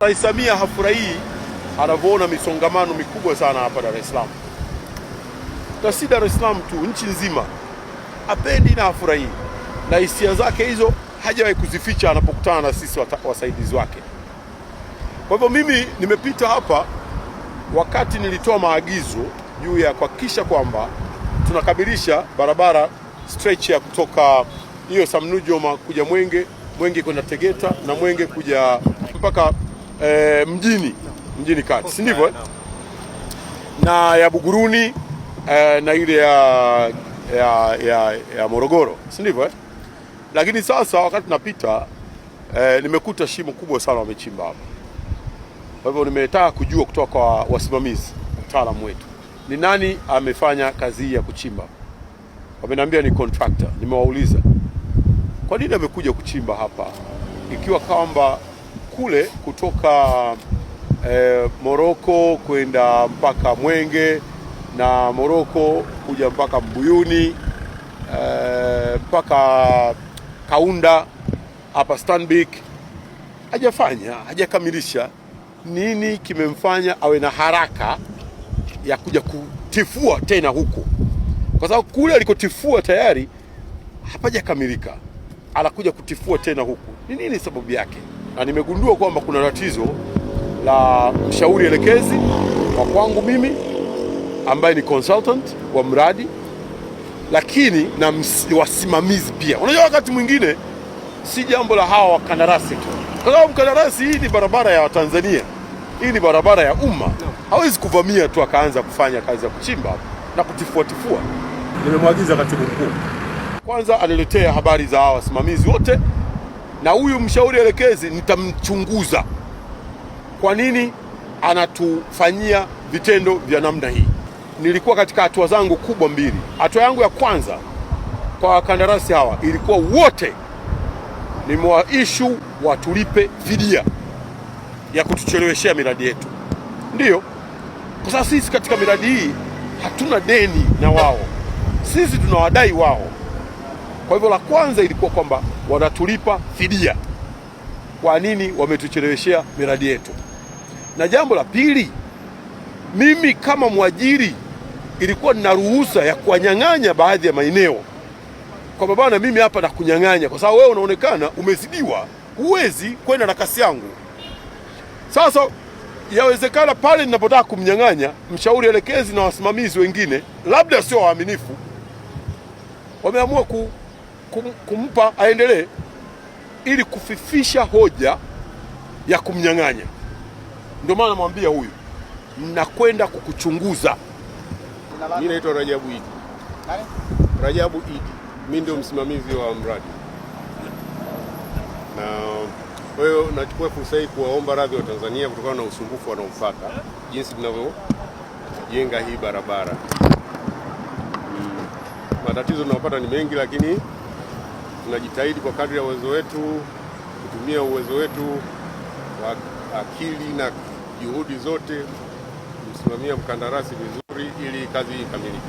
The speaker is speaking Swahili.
Rais Samia hafurahii anavyoona misongamano mikubwa sana hapa Dar es Salaam, na si Dar es Salaam tu, nchi nzima apendi na hafurahii, na hisia zake hizo hajawahi kuzificha anapokutana na sisi wasaidizi wake. Kwa hivyo mimi nimepita hapa wakati nilitoa maagizo juu ya kuhakikisha kwamba tunakabilisha barabara stretch ya kutoka hiyo Samnujoma kuja Mwenge, Mwenge kwenda Tegeta na Mwenge kuja mpaka eh, mjini mjini kati si ndivyo eh? na ya Buguruni eh, na ile ya, ya, ya, ya Morogoro si ndivyo eh? Lakini sasa wakati napita eh, nimekuta shimo kubwa sana wamechimba hapa. Kwa hivyo nimetaka kujua kutoka kwa wasimamizi wataalamu wetu ni nani amefanya kazi hii ya kuchimba. Wameniambia ni contractor. Nimewauliza kwa nini amekuja kuchimba hapa ikiwa kwamba kule kutoka e, eh, Moroko kwenda mpaka Mwenge na Moroko kuja mpaka Mbuyuni e, mpaka Kaunda hapa Stanbic hajafanya, hajakamilisha. Nini kimemfanya awe na haraka ya kuja kutifua tena huko? Kwa sababu kule alikotifua tayari hapajakamilika, anakuja kutifua tena huku. Ni nini sababu yake? na nimegundua kwamba kuna tatizo la mshauri elekezi wa kwangu mimi ambaye ni consultant wa mradi, lakini na wasimamizi pia. Unajua, wakati mwingine si jambo la hawa wakandarasi tu, kwa sababu mkandarasi, hii ni barabara ya Watanzania, hii ni barabara ya umma, hawezi kuvamia tu akaanza kufanya kazi ya kuchimba na kutifuatifua. Nimemwagiza katibu mkuu kwanza aliletea habari za hawa wasimamizi wote na huyu mshauri elekezi nitamchunguza kwa nini anatufanyia vitendo vya namna hii. Nilikuwa katika hatua zangu kubwa mbili. Hatua yangu ya kwanza kwa wakandarasi hawa ilikuwa wote nimewaishu watulipe fidia ya kutucheleweshea miradi yetu, ndiyo kwa sasa sisi katika miradi hii hatuna deni na wao, sisi tunawadai wao kwa hivyo la kwanza ilikuwa kwamba wanatulipa fidia, kwa nini wametucheleweshea miradi yetu. Na jambo la pili, mimi kama mwajiri ilikuwa nina ruhusa ya kuwanyang'anya baadhi ya maeneo kwamba bana, mimi hapa nakunyang'anya kwa sababu wewe unaonekana umezidiwa, huwezi kwenda na kasi yangu. Sasa yawezekana pale ninapotaka kumnyang'anya mshauri elekezi na wasimamizi wengine, labda sio waaminifu, wameamua ku kum, kumpa aendelee ili kufifisha hoja ya kumnyang'anya. Ndio maana namwambia huyu, mnakwenda kukuchunguza. Mimi naitwa Rajabu Idi. Rajabu Idi, mimi ndio msimamizi wa mradi, na kwa hiyo nachukua fursa hii kuwaomba radhi wa Tanzania kutokana na usumbufu wanaopata jinsi tunavyojenga hii barabara. Mm, matatizo tunayopata ni mengi, lakini tunajitahidi kwa kadri ya uwezo wetu kutumia uwezo wetu wa akili na juhudi zote kumsimamia mkandarasi vizuri ili kazi hii ikamilike.